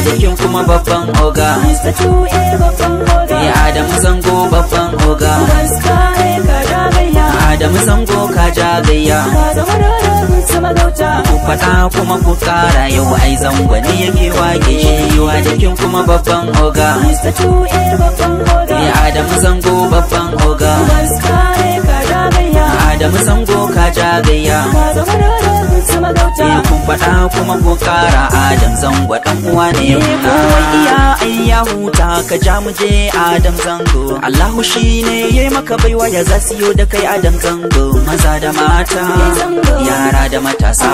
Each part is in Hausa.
Arzikin kuma babban oga Ya Adamu zango babban oga Adamu zango ka jagaya Ku faɗa kuma ku ƙara yau ai zango ne yake wage shi jikin kuma babban oga Ya Adamu zango babban oga Adamu zango ka gaya. magauta Ni eh, kun faɗa kuma kun ƙara Adam zango ɗan uwa ne ya eh, huta Kowai iya ai ya huta ka ja mu je Adam zango Allahu shi ne ya maka baiwa ya za siyo da kai Adam zango Maza da mata eh, yara da matasa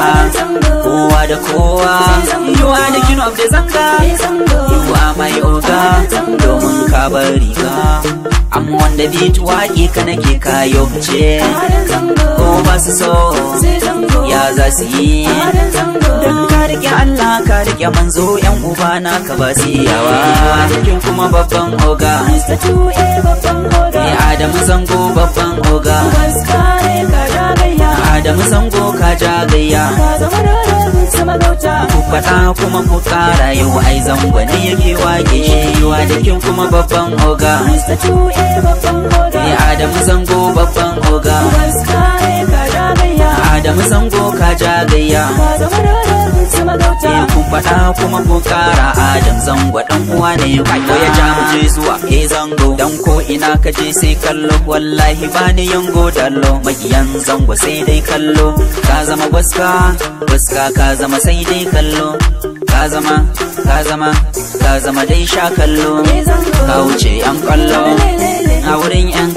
kowa da kowa You are the king of the zanga You are my oga domin ka bar riga Amma wanda beat waƙe ka nake kayo ce masu so ya za su yi don ka Allah ka manzo yan uba na ka ba su yawa cikin kuma babban oga ya Adamu zango babban oga Adamu zango ka jagayya ku faɗa kuma ku yi yau ai zango ne yake wage shi wa cikin kuma babban oga babban ni Adamu zango babban oga da musango ka ja gayya eh, kun faɗa kuma ku kara ajin zango dan uwa ne Ko ya ja mu je zuwa he eh, zango dan ko ina ka je sai kallo wallahi ba ni yango dallo magiyan zango sai dai kallo ka zama gwaska gwaska ka zama sai dai kallo ka zama ka zama ka zama dai sha kallo ka wuce yan kallo. a wurin yan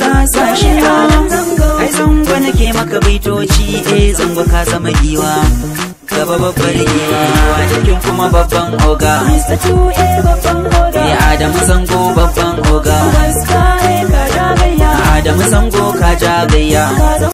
ta sashi ai zango nake maka baitoci eh zango ka zama giwa gaba babbar giwa cikin kuma babban oga ya eh, adamu zango babban oga adamu zango ka jagayya